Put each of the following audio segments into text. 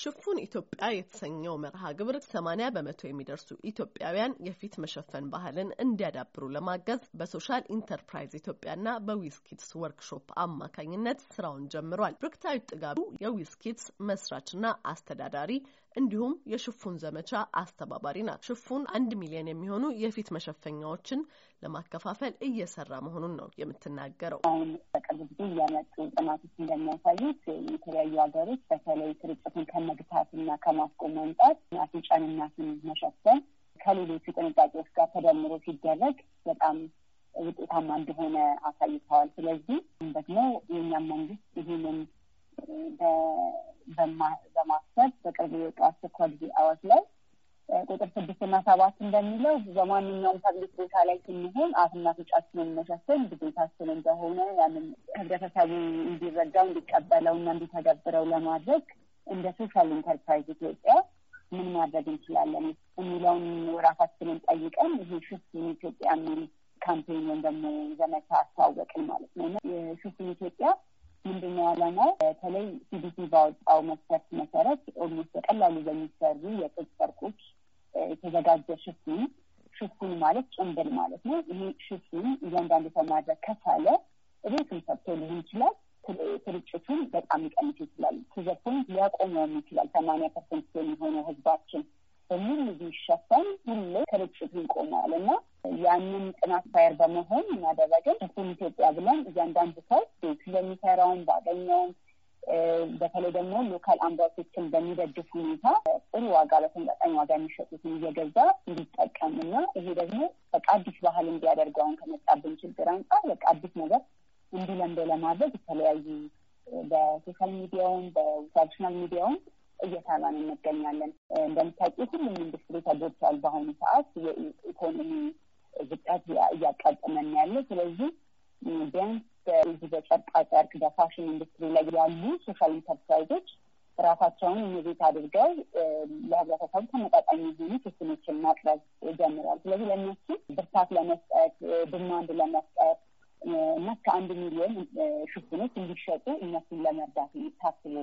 ሽፉን ኢትዮጵያ የተሰኘው መርሃ ግብር ሰማኒያ በመቶ የሚደርሱ ኢትዮጵያውያን የፊት መሸፈን ባህልን እንዲያዳብሩ ለማገዝ በሶሻል ኢንተርፕራይዝ ኢትዮጵያና በዊስኪትስ ወርክሾፕ አማካኝነት ስራውን ጀምሯል። ብርክታዊ ጥጋቡ የዊስኪድስ መስራችና አስተዳዳሪ እንዲሁም የሽፉን ዘመቻ አስተባባሪ ናት። ሽፉን አንድ ሚሊዮን የሚሆኑ የፊት መሸፈኛዎችን ለማከፋፈል እየሰራ መሆኑን ነው የምትናገረው። አሁን በቅርብ ጊዜ እያመጡ ጥናቶች እንደሚያሳዩት የተለያዩ ሀገሮች በተለይ ስርጭቱን ከመግታት እና ከማስቆም መምጣት አፍንጫን እና መሸፈን ከሌሎቹ ጥንቃቄዎች ጋር ተደምሮ ሲደረግ በጣም ውጤታማ እንደሆነ አሳይተዋል። ስለዚህ ደግሞ የእኛም መንግስት ይህንን በማሰብ በቅርብ የወጡ አስቸኳይ ጊዜ አዋጅ ላይ ቁጥር ስድስት እና ሰባት እንደሚለው በማንኛውም ፐብሊክ ቦታ ላይ ስንሆን አፍና አፍንጫችንን መሸፈን ግዴታችን እንደሆነ ያንን ህብረተሰቡ እንዲረዳው እንዲቀበለው እና እንዲተገብረው ለማድረግ እንደ ሶሻል ኢንተርፕራይዝ ኢትዮጵያ ምን ማድረግ እንችላለን የሚለውን ራሳችንን ጠይቀን ይሄ ሽፍን ኢትዮጵያ የሚል ካምፔኝ ወይም ደግሞ ዘመቻ አስተዋወቅን ማለት ነው። እና የሽፍን ኢትዮጵያ ምንድን ያለነው በተለይ ሲዲሲ ባወጣው መስፈርት መሰረት ኦልሞስት በቀላሉ በሚሰሩ የጥጥ ጨርቆች የተዘጋጀ ሽፍን ሽፉን ማለት ጭንብል ማለት ነው። ይህ ሽፉን እያንዳንዱ ሰው ማድረግ ከቻለ ቤቱን ሰርቶ ሊሆን ይችላል ስርጭቱን በጣም ሊቀንስ ይችላል። ትዘቱን ሊያቆመውም ይችላል። ሰማንያ ፐርሰንት የሚሆነው ህዝባችን በሙሉ ቢሸፈን ሁሌ ስርጭቱ ይቆማል እና ያንን ጥናት ፋየር በመሆን እናደረግን ስም ኢትዮጵያ ብለን እያንዳንዱ ሰው ስለሚሰራውን ባገኘውም በተለይ ደግሞ ሎካል አምራቾችን በሚደግፍ ሁኔታ ጥሩ ዋጋ በተመጣጣኝ ዋጋ የሚሸጡትን እየገዛ እንዲጠቀም እና ይሄ ደግሞ በቃ አዲስ ባህል እንዲያደርገውን ከመጣብን ችግር አንጻር በቃ አዲስ ነገር እንዲለምደው ለማድረግ የተለያዩ በሶሻል ሚዲያውም በትራዲሽናል ሚዲያውም እየታራን እንገኛለን። እንደምታውቂው ሁሉም ኢንዱስትሪ ተጎድቷል። በአሁኑ ሰዓት የኢኮኖሚ ዝቀት እያቃጠመን ያለ። ስለዚህ ቢያንስ በዚህ በጨርቃ ጨርቅ በፋሽን ኢንዱስትሪ ላይ ያሉ ሶሻል ኢንተርፕራይዞች ራሳቸውን ሙዚት አድርገው ለህብረተሰቡ ተመጣጣኝ የሆኑ ክፍሎችን ማቅረብ ጀምሯል። ስለዚህ ለእነሱ ብርታት ለመስጠት ድማንድ ለመስጠት እና አንድ ሚሊዮን ሽፍኖች እንዲሸጡ እነሱን ለመርዳት ታስቦ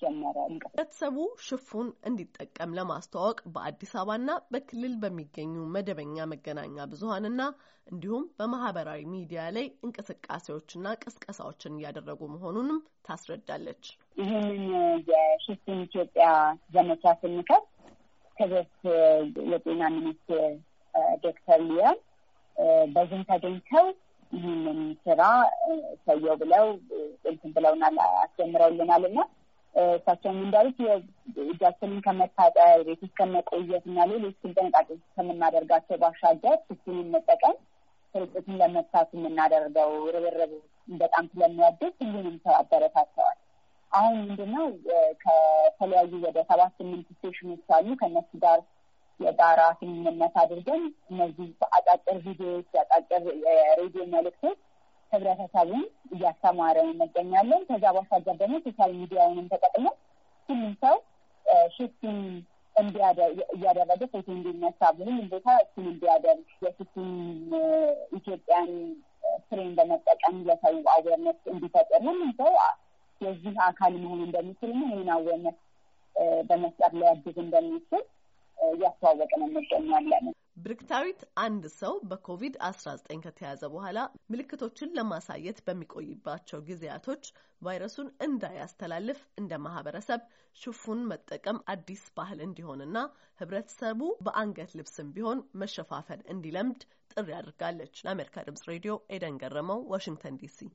ህብረተሰቡ ሽፉን እንዲጠቀም ለማስተዋወቅ በአዲስ አበባና በክልል በሚገኙ መደበኛ መገናኛ ብዙኃንና እንዲሁም በማህበራዊ ሚዲያ ላይ እንቅስቃሴዎችና ቅስቀሳዎችን እያደረጉ መሆኑንም ታስረዳለች። ይህንን የሽፉን ኢትዮጵያ ዘመቻ ስንከት ከበት የጤና ሚኒስቴር ዶክተር ሊያን በዚህም ተገኝተው ይህንን ስራ ሰየው ብለው እንትን ብለውናል፣ አስጀምረውልናል እና እሳቸውም እንዳሉት እጃችንን ከመታጠብ ቤት ውስጥ ከመቆየት እና ሌሎች ጥንቃቄ ከምናደርጋቸው ባሻገር ስክሪን መጠቀም ስርጭትን ለመፍታት የምናደርገው ርብርብ በጣም ስለሚያድግ ሁሉንም ሰው አበረታተዋል። አሁን ምንድነው ከተለያዩ ወደ ሰባት ስምንት ስቴሽኖች አሉ ከእነሱ ጋር የጋራ ስምምነት አድርገን እነዚህ አጫጭር ቪዲዮዎች፣ አጫጭር የሬዲዮ መልእክቶች ህብረተሰቡን እያስተማረ እንገኛለን። ከዛ ባሻገር ደግሞ ሶሻል ሚዲያውንም ተጠቅሞ ሁሉም ሰው ሽፍቲን እያደረገ ፎቶ እንዲነሳ ሁሉም ቦታ እሱን እንዲያደርግ የሽፍቲን ኢትዮጵያን ፍሬን በመጠቀም ለሰው አዌርነት እንዲፈጥር ሁሉም ሰው የዚህ አካል መሆን እንደሚችል እና ይህን አዌርነት በመፍጠር ሊያግዝ እንደሚችል እያስተዋወቅን እንገኛለን። ብርክታዊት አንድ ሰው በኮቪድ አስራ ዘጠኝ ከተያዘ በኋላ ምልክቶችን ለማሳየት በሚቆይባቸው ጊዜያቶች ቫይረሱን እንዳያስተላልፍ እንደ ማህበረሰብ ሽፉን መጠቀም አዲስ ባህል እንዲሆንና ህብረተሰቡ በአንገት ልብስም ቢሆን መሸፋፈን እንዲለምድ ጥሪ አድርጋለች። ለአሜሪካ ድምጽ ሬዲዮ ኤደን ገረመው፣ ዋሽንግተን ዲሲ